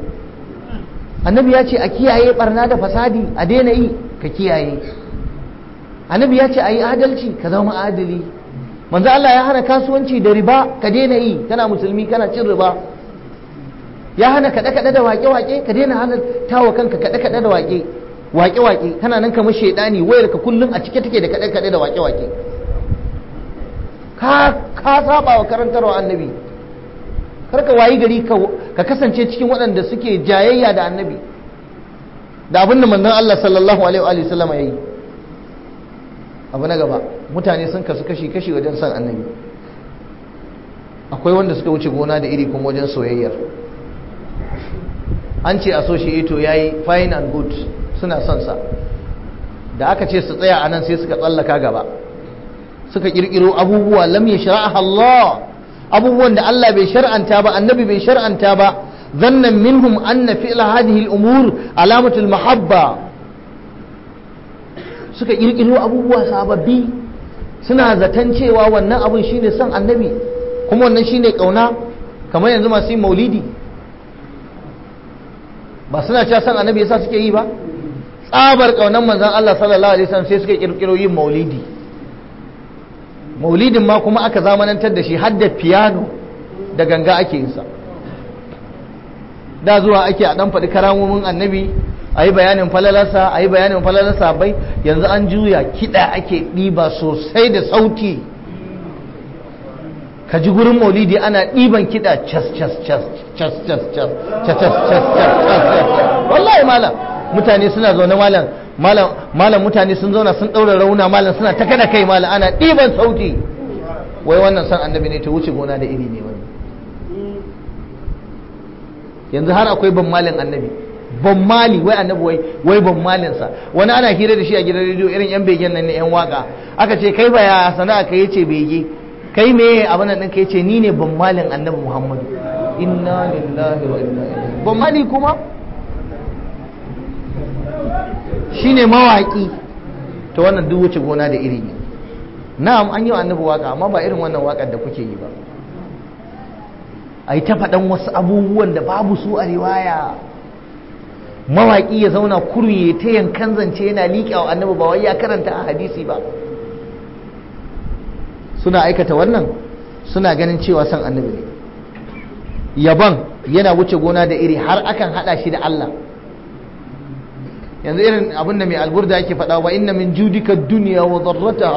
Speaker 1: annabi ya ce a kiyaye barna da fasadi a daina yi ka kiyaye annabi ya ce a yi adalci ka zama adali manzo Allah ya hana kasuwanci da riba ka daina yi kana musulmi kana cin riba ya hana kaɗe kaɗe da waƙe waƙe ka daina hana tawa kanka kaɗe kaɗe da waƙe waƙe waƙe kana nan kamar shaidani wayar ka kullum a cike take da kaɗe kaɗe da waƙe waƙe ka ka saba wa karantarwa annabi kar ka wayi gari ka kasance cikin waɗanda suke jayayya da annabi da abin da manzon Allah sallallahu alaihi wa sallama yayi abu na gaba mutane sun kasu kashi kashi wajen san annabi akwai wanda suka wuce gona da iri kuma wajen soyayyar an ce a so shi ito eh yayi fine and good suna son sa da aka ce su tsaya anan sai suka tsallaka gaba suka kirkiro abubuwa lam yashra'a Allah abubuwan da Allah bai shar'anta ba annabi bai shar'anta ba zannan minhum anna fi'l hadhihi al-umur alamatul mahabba suka kirkiro abubuwa sababbi suna zaton cewa wannan abun shine son annabi kuma wannan shine kauna kamar yanzu masu yin maulidi ba suna cewa son annabi yasa suke yi ba tsabar kaunar manzan Allah sallallahu alaihi wasallam sai suka kirkiro yin maulidi maulidin ma kuma aka zamanantar da shi har da piano da ganga ake yinsa sa da zuwa ake a dan faɗi karamomin annabi a yi bayanin falalarsa a yi bayanin falalarsa bai yanzu an juya kiɗa ake ɗiba sosai da sauti ka ji gurin maulidi ana ɗiban kiɗa cas cas cas cas cas cas cas cas cas cas cas c mutane suna zaune malam malam malam mutane sun zauna sun daura rauna malam suna ta kada kai malam ana ɗiban sauti wai wannan san annabi ne ta wuce gona da iri ne wani yanzu har akwai ban malin annabi ban mali wai annabi wai wai ban malin sa wani ana hira da shi a gidan rediyo irin yan begen nan ne yan waka aka ce kai baya sana'a kai yace bege kai me abin nan ka yace ni ne ban malin annabi Muhammadu inna lillahi wa inna ilaihi ban mali kuma
Speaker 2: Shi ne mawaƙi
Speaker 1: ta wannan duk wuce gona da iri ne na'am an yi wa annabi waƙa amma ba irin wannan waƙar da kuke yi ba ai ta faɗan wasu abubuwan da babu su a riwaya mawaƙi ya zauna kurye ta yankan zance yana liƙa wa annabi ba wai ya karanta a hadisi ba suna aikata wannan suna ganin cewa san annabi ne yaban yana wuce gona da iri har akan haɗa shi da Allah yanzu irin abin da mai alburda yake faɗa wa inna min judika duniya wa zarrata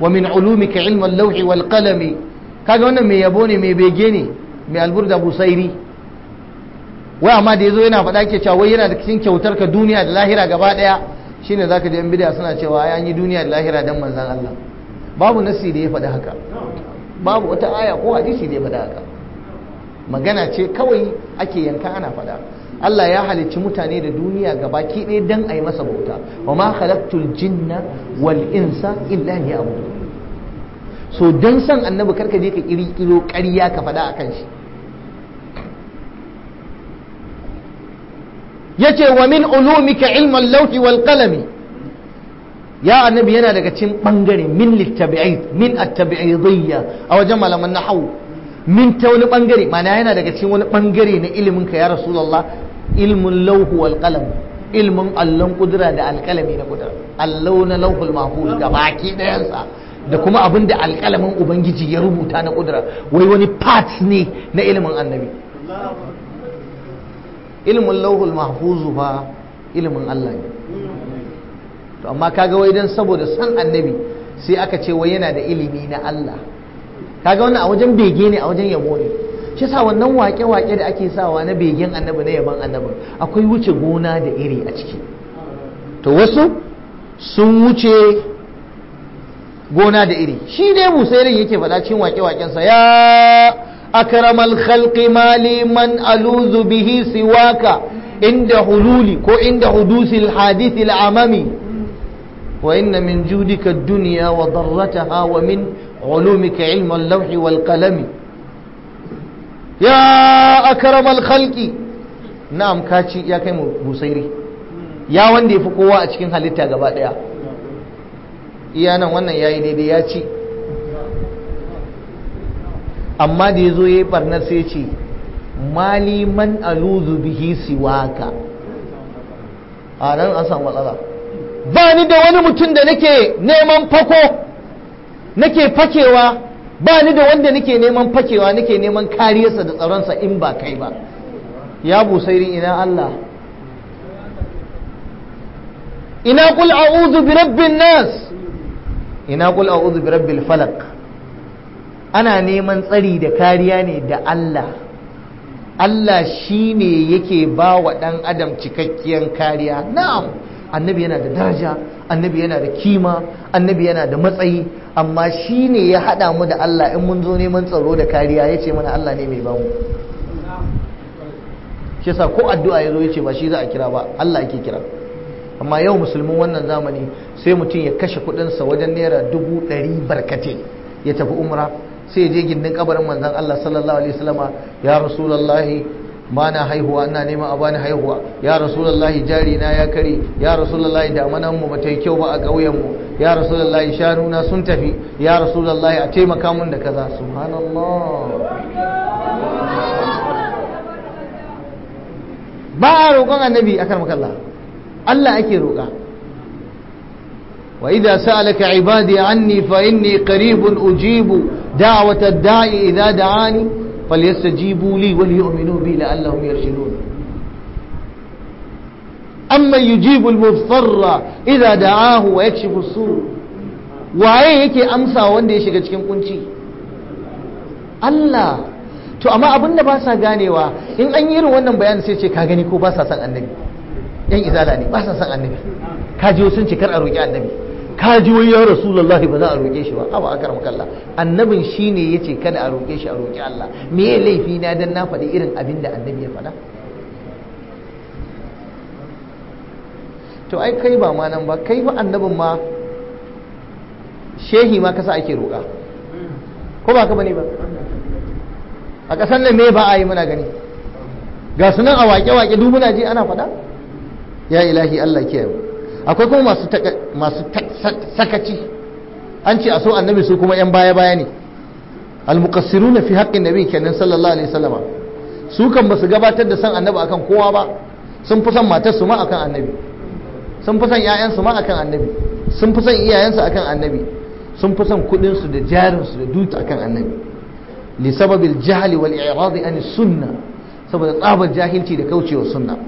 Speaker 1: wa min ulumika ilma al-lawhi wal qalami kaga wannan mai yabo ne mai bege ne mai alburda busairi wai amma da yazo yana fada yake cewa wai yana da cikin kyautar ka duniya da lahira gaba daya shine zaka je bid'a suna cewa ai an yi duniya da lahira dan manzon Allah babu nasi da ya fada haka babu wata aya ko hadisi da ya fada haka magana ce kawai ake yanka ana faɗa Allah ya halicci mutane da duniya gabaki ɗaya don a yi masa bauta wa ma halattul jinna wal insa illa abu so don san annabi karka je ka kirkiro ƙarya ka faɗa a kan shi ce wa min ulumika ilman lauki wal qalami ya annabi yana daga cikin bangare min littabi'ai min at a wajen malaman nahwu min ta wani bangare mana yana daga cikin wani bangare na ilimin ka ya rasulullah ilmin lauhu wal qalam ilmin allon kudura da alkalami na kudura allau na lauhul mahfuz ga baki dayansa da kuma abin da alkalamin ubangiji ya rubuta na kudura wai wani part ne na ilmun annabi Ilmun lauhul mahfuz ba ilmun Allah ne to amma kaga wai dan saboda san annabi sai aka ce wai yana da ilimi na Allah kaga wannan a wajen bege ne a wajen yabo ne shi sa wannan wake-wake da ake sawa na begen annabi na yaban annabi akwai wuce gona da iri a ciki to wasu sun wuce gona da iri shi ne musairin yake faɗa cikin wake sa ya akramal khalqi mali man aluzu bihi siwaka inda hululi ko inda hudusil hadithi al'amami wa inna min judika dunya wa darrataha wa min ulumika ilmin lauhi wal qalami ya akramal khalqi na'am kaci ya kai musairi ya wanda ya fi kowa a cikin halitta gaba daya iya nan wannan yayi daidai ya ci amma da ya zo ya yi barnar sai ce mali aluzu bihi siwaka a nan an samu matsala ba ni da wani mutum da nake neman fako nake fakewa ba ni da wanda nake neman fakewa nake neman kariyarsa da tsaronsa in ba kai ba ya busairi ina Allah ina kul a'udhu bi rabbin nas ina kul a'udhu bi rabbil Falak? ana neman tsari da kariya ne da Allah Allah shi ne yake ba wa ɗan adam cikakkiyar kariya na'am annabi yana da daraja annabi yana da kima annabi yana da matsayi amma shi ne ya haɗa mu da Allah in mun zo neman tsaro da kariya ya ce mana Allah ne mai bamu shi yasa ko addu'a ya zo ya ce ba shi za a kira ba Allah ake kira amma yau musulmin wannan zamani sai mutum ya kashe kuɗinsa wajen naira dubu ɗari barkate ya tafi umra sai ya je gindin kabarin manzon Allah sallallahu alaihi wasallama ya rasulullahi ba na haihuwa ina neman a bani haihuwa ya rasulullahi jari na ya kare ya rasulullahi damanan mu bata yi kyau ba a ƙauyen mu ya rasulullahi shanu na sun tafi ya rasulullahi a taimaka mun da kaza subhanallah ba a roƙon annabi akan makalla Allah ake roƙa وإذا سألك عبادي عني فإني قريب أجيب دعوة الداعي إذا دعاني فليستجيبوا لي وليؤمنوا بي لعلهم يرشدون اما يجيب المضطر اذا دعاه ويكشف السوء waye yake amsa wanda ya shiga cikin kunci Allah to amma abin da ba sa ganewa in an yi irin wannan bayanin sai ce ka gani ko ba sa san annabi yan izala ne ba sa san annabi ka ji sun ce kar a roƙi annabi ka ji wai ya rasulullahi ba za a roƙe shi ba aba akar makalla annabin shi ne ya ce kada a roƙe shi a roƙi Allah me ya laifi na dan na faɗi irin abin da annabi ya faɗa to ai kai ba ma nan ba kai ba annabin ma shehi ma kasa ake roƙa ko ba ka bane ba a ƙasar nan me ba a yi muna gani ga sunan a waƙe-waƙe duk muna ji ana faɗa ya ilahi Allah kiyaye akwai kuma masu sakaci an ce a so annabi su kuma yan baya baya ne almuqassiruna fi haqqin nabi kenan sallallahu alaihi wasallama su kan basu gabatar da san annabi akan kowa ba sun fi son matar su ma akan annabi sun fi son ƴaƴan su ma akan annabi sun fi son iyayen su akan annabi sun fi son kudin su da jarin su da duki akan annabi li sababil jahli wal i'rad an sunna saboda tsabar jahilci da kaucewa sunna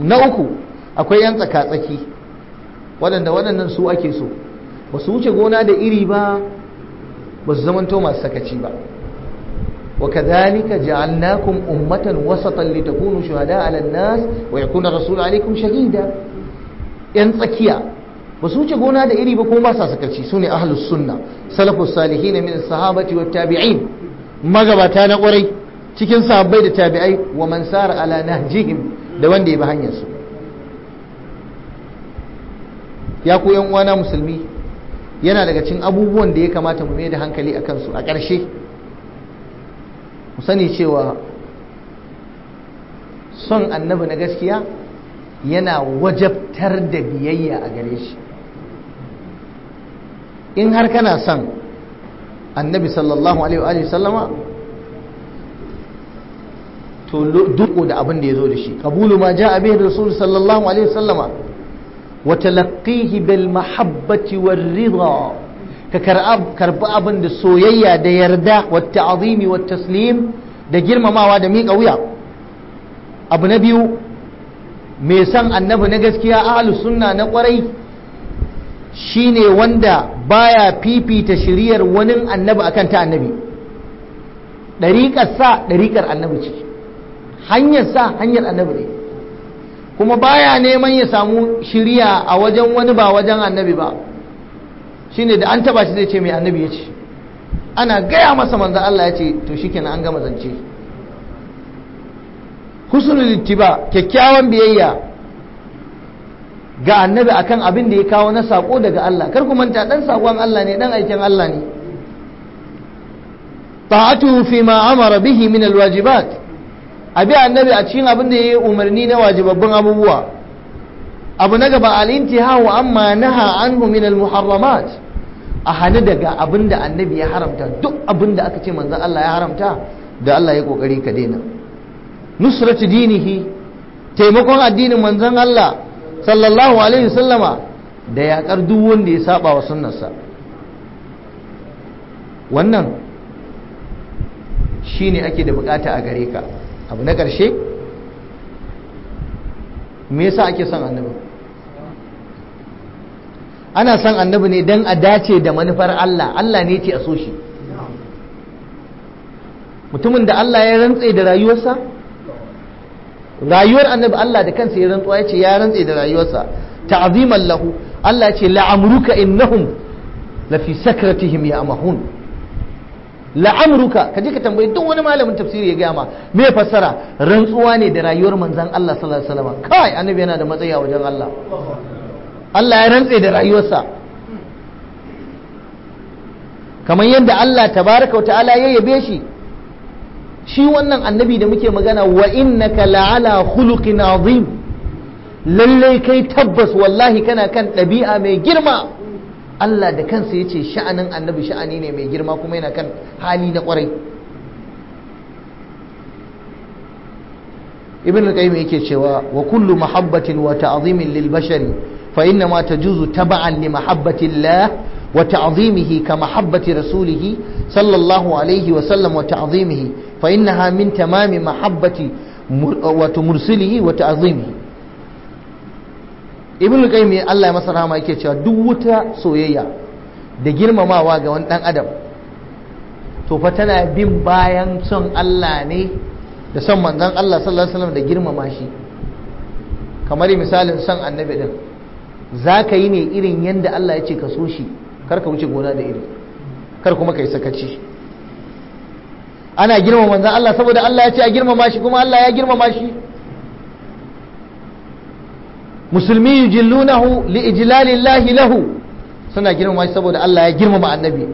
Speaker 1: na uku akwai yan tsaka tsaki waɗanda waɗannan su ake so ba su wuce gona da iri ba ba su zamanto masu sakaci ba wa kadhalika ja'alnakum ummatan wasatan litakunu shuhada 'ala an-nas wa yakuna rasul 'alaykum shahida yan tsakiya ba su wuce gona da iri ba ko masu sa sakaci sune ahlus sunna salafus salihin min as-sahabati wat tabi'in magabata na kwarai cikin sahabbai da tabi'ai wa man sara ala nahjihim da wanda ya bi hanyar su ya ku yan uwana musulmi yana daga cikin abubuwan da ya kamata mu mai da hankali a kansu a ƙarshe mu sani cewa son annabi na gaskiya yana wajabtar da biyayya a gare shi in har kana son annabi sallallahu alaihi sallama to duk da abin da ya zo da shi kabulu ma ja abin rasul sallallahu alaihi sallama وتلقيه بالمحبة والرضا ككرب كرب أبن دا سويا دا يردا والتعظيم والتسليم دا جرم ما وادا ميك أويا أبو نبيو ميسان النبي نجسكيا أهل السنة نقري shine wanda baya fifita shiriyar wani annabi akan ta annabi ɗariƙar sa ɗariƙar annabi ce hanyar sa hanyar annabi ne kuma baya neman ya samu shiriya a wajen wani ba wajen annabi ba shine da an taba shi zai ce mai annabi ya ce ana gaya masa manzo Allah ya ce to shikenan an gama zance husnul ittiba kyakkyawan biyayya ga annabi akan abin da ya kawo na sako daga Allah kar ku manta dan sakon Allah ne dan aikin Allah ne ta'atu fi ma amara bihi min alwajibat abi annabi a cikin abin da yayi umarni na wajibabban abubuwa abu na gaba al-intihahu amma naha anhu min al-muharramat a hana daga abin da annabi ya haramta duk abin da aka ce manzon Allah ya haramta da Allah ya kokari ka daina nusratu dinihi taimakon addinin manzon Allah sallallahu alaihi wasallama da yakar duk wanda ya saba wa sunnarsa wannan shine ake da bukata a gare ka abu na ƙarshe me yasa ake son annabi ana son annabi ne don a dace da manufar Allah Allah ne ce a so shi mutumin da Allah ya rantse da rayuwarsa rayuwar annabi Allah da kansa ya rantsuwa ya ce ya rantse da rayuwarsa ta'ziman lahu Allah ya ce la'amruka innahum lafi sakratihim ya amahun la'amruka ka je ka tambayi duk wani malamin tafsiri ya gaya ma me fassara rantsuwa ne da rayuwar manzon Allah sallallahu alaihi wasallam kai annabi yana da matsayi a wajen Allah
Speaker 2: Allah ya rantse da rayuwarsa
Speaker 1: kamar yadda Allah tabaraka wa ta'ala ya yabe shi shi wannan annabi da muke magana wa innaka la'ala khuluqin azim lallai kai tabbas wallahi kana kan ɗabi'a mai girma Allah da kansa ya ce sha'anin annabi sha'ani ne mai girma kuma yana kan hali na kwarai ibn al-qayyim yake cewa wa kullu mahabbatin wa ta'zimin lil bashari fa inna ma tajuzu tab'an li mahabbati Allah wa ta'zimihi ka mahabbati rasulih sallallahu alaihi wa sallam wa ta'zimihi fa innaha min tamami mahabbati wa mursilihi wa ta'zimihi ibn kai Allah ya masa rahama yake cewa duk wuta soyayya da girmamawa ga wani dan adam to fa tana bin bayan son Allah ne da son manzon Allah sallallahu alaihi wasallam da girmama shi kamar misalin son annabi din zaka yi ne irin yanda Allah ya ce ka so shi kar ka wuce gona da iri kar kuma kai sakaci ana girmama manzon Allah saboda Allah ya ce a girmama shi kuma Allah ya girmama shi musulmi yujillunahu li ijlalillahi lahu suna girmama shi saboda Allah ya girmama annabi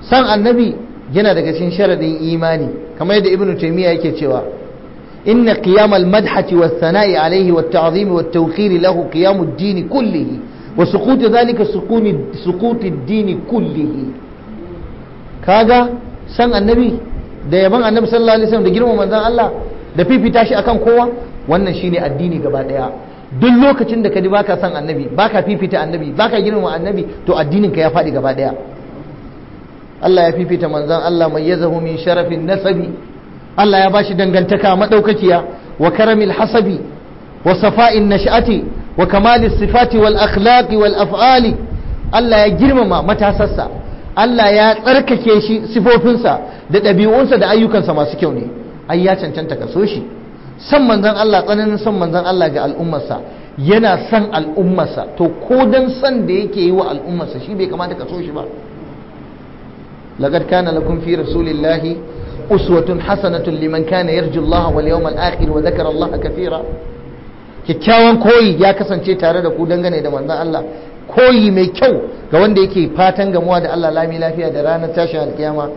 Speaker 1: san annabi yana daga cikin sharadin imani kamar yadda ibnu taymiya yake cewa inna qiyam al wasana'i was-sana'i alayhi wat-ta'zim wat-tawqir lahu qiyam ad-din kullihi wa suqut dhalika suquni suqut ad-din kullihi kaga san annabi da yaban annabi sallallahu alaihi wasallam da girmama manzon Allah da fifita shi akan kowa wannan shine addini gaba daya duk lokacin da ka ji baka san annabi baka fifita annabi baka girmama annabi to addinin ka ya faɗi gaba daya Allah ya fifita manzon Allah mai yazahu min sharafin nasabi Allah ya bashi dangantaka madaukakiya wa karamil hasabi wa safa'in nash'ati wa kamalis sifati wal akhlaqi wal af'ali Allah ya girmama matasarsa Allah ya tsarkake shi sifofinsa da ɗabi'unsa da ayyukansa masu kyau ne ai ya cancanta ka so shi san manzan Allah tsananin san manzan Allah ga al'ummarsa yana san al'ummarsa to ko dan san da yake yi wa al'ummarsa shi bai kamata ka so shi ba laqad kana lakum fi rasulillahi uswatun hasanatun liman kana yarju Allah wal yawmal akhir wa dhakara Allah kathira kyakkyawan koyi ya kasance tare da ku dangane da manzan Allah koyi mai kyau ga wanda yake fatan gamuwa da Allah lami lafiya da ranar tashin alkiyama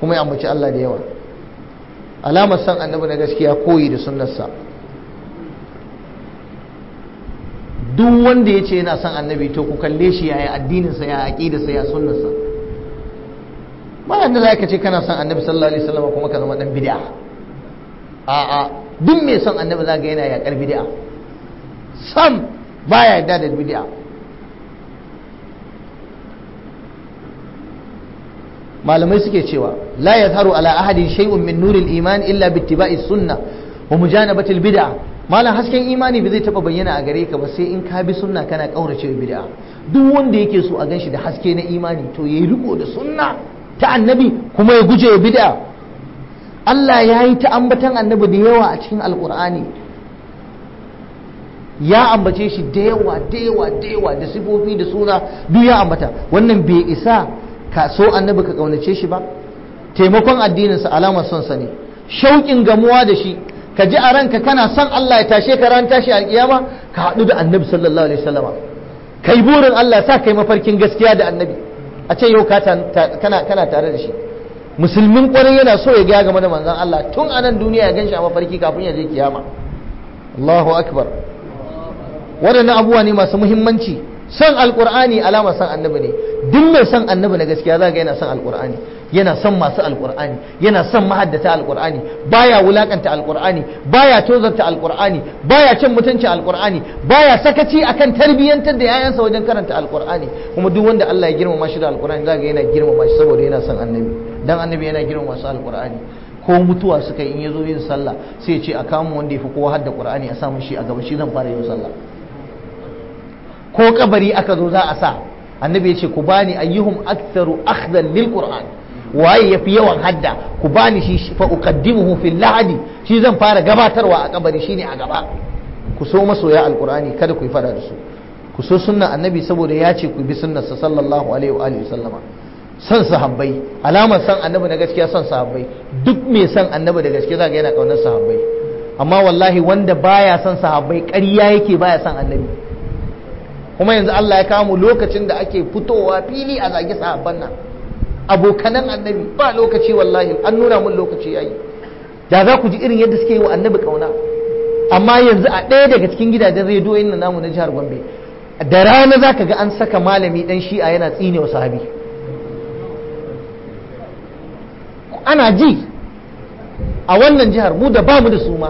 Speaker 1: kuma ya ambaci Allah da yawa alamar san annabi na gaskiya koyi da sunnarsa duk wanda ya ce yana san annabi to ku kalle shi yi addininsa ya da ya sunnarsa bayan da za ka ce kana san annabi sallallahu alaihi wasallam kuma ka zama dan bid'a a'a duk mai san annabi za ga yana yaƙar bid'a sam baya yadda da bid'a malamai suke cewa la yadharu ala ahadin shay'un min nuril iman illa bittiba'i sunna wa mujanabatil bid'a malam hasken imani ba zai taba bayyana a gare ka ba sai in ka bi sunna kana kaurace bid'a duk wanda yake so a ganshi da haske na imani to yayi riko da sunna ta annabi kuma ya guje bid'a Allah ya yi ta ambatan annabi da yawa a cikin alkur'ani ya ambace shi da yawa da yawa da yawa da sifofi da suna duk ya ambata wannan bai isa ka so annabi ka kaunace shi ba taimakon addininsa alamar son sa ne shauƙin gamuwa da shi ka ji a ranka kana son Allah ya tashe ka ran tashi alƙiyama ka haɗu da annabi sallallahu alaihi wasallama kai burin Allah sa kai mafarkin gaskiya da annabi a ce yau kana kana tare da shi musulmin ƙwarai yana so ya ga game da manzon Allah tun a nan duniya ya ganshi a mafarki kafin ya je kiyama Allahu akbar waɗannan abubuwa ne masu muhimmanci Son alƙur'ani alama san annabi ne duk mai son annabi na gaskiya za ga yana son alkur'ani yana son masu alkur'ani yana son mahaddata alkur'ani baya wulakanta alkur'ani baya tozarta alkur'ani baya cin mutunci alkur'ani baya sakaci akan tarbiyyantar da yayansa wajen karanta alkur'ani kuma duk wanda Allah ya girmama shi da alkur'ani za ga yana girmama shi saboda yana son annabi dan annabi yana girmama su alkur'ani ko mutuwa suka in yazo yin sallah sai ya ce a kama wanda ya fi kowa hadda qur'ani a samu shi a gaba shi zan fara yin sallah ko kabari aka zo za a sa annabi ya ce ku bani ayyuhum aktharu akhdan lil qur'an waye yafi yawan hadda ku bani shi fa uqaddimuhu fil lahadi shi zan fara gabatarwa a kabari shine a gaba ku so masoya alqur'ani kada ku yi fada da su ku so sunnan annabi saboda ya ce ku bi sunnarsa sallallahu alaihi wa alihi sallama San sahabbai alamar san annabi na gaskiya san sahabbai duk mai san annabi da gaskiya zaka yana kaunar sahabbai amma wallahi wanda baya son sahabbai ƙarya yake baya san annabi kuma yanzu Allah ya kawo mu lokacin da ake fitowa fili a zage sahabban nan abokanan annabi ba lokaci wallahi an nuna mun lokaci yayi da za ku ji irin yadda suke yi wa annabi kauna amma yanzu a ɗaya daga cikin gidajen rediyoyin nan namu na jihar Gombe da rana za ka ga an saka malami ɗan shi'a yana tsine wa sahabi ana ji a wannan jihar mu da bamu da su ma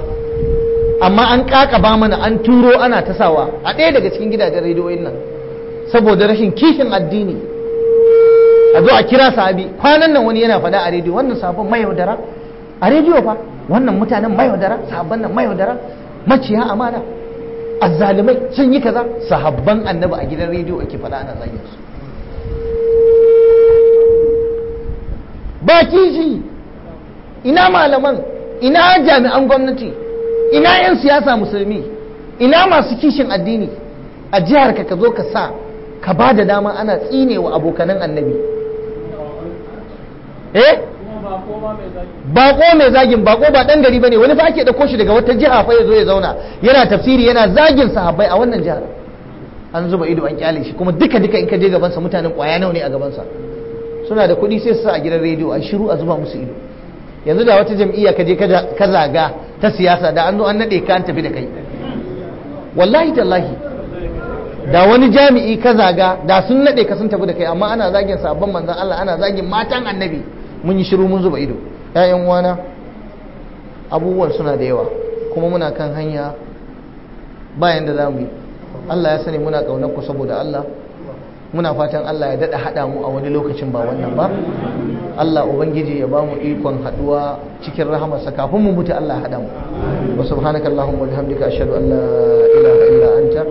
Speaker 1: amma an ba mana an turo ana ta sawa a ɗaya daga cikin gidajen rediyoyin nan saboda rashin kishin addini a zo a kira sahabi kwanan nan wani yana faɗa a rediyo wannan sabon mayaudara a rediyo fa wannan mutanen mayaudara sahabban nan mayaudara maciya amana azzalumai sun yi kaza sahabban annabi a gidan rediyo ake faɗa ana zagin su ba kishi ina malaman ina jami'an gwamnati ina 'yan siyasa musulmi ina masu kishin addini a jihar ka ka zo ka sa ka ba da dama ana tsine wa abokanan annabi eh bako mai zagin bako ba dan gari bane wani fa ake dauko shi daga wata jiha fa yazo ya zauna yana tafsiri yana zagin sahabbai a wannan jihar an zuba ido an kyale shi kuma duka duka in ka je gaban sa mutanen kwaya nawa ne a gaban sa suna da kuɗi sai su sa a gidan rediyo a shiru a zuba musu ido yanzu da wata jam'iyya ka je ka zaga ta siyasa da an zo an nade ka an tafi da kai wallahi tallahi da wani jami'i ka zaga da sun nade ka sun tafi da kai amma ana zagin sabon manzan Allah ana zagin matan annabi mun yi shiru mun zuba ido ƴaƴan wana abubuwan suna da yawa kuma muna kan hanya bayan da za mu yi Allah ya sani muna ƙaunar ku saboda Allah muna fatan Allah ya dada hada mu a wani lokacin ba wannan ba Allah ubangiji ya bamu ikon haduwa cikin rahamarsa kafin mu mutu Allah hada mu wa subhanaka allahumma wa bihamdika ashhadu an la ilaha illa anta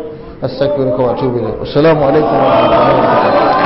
Speaker 1: astaghfiruka wa atubu ilayk assalamu alaikum wa rahmatullahi wa
Speaker 2: barakatuh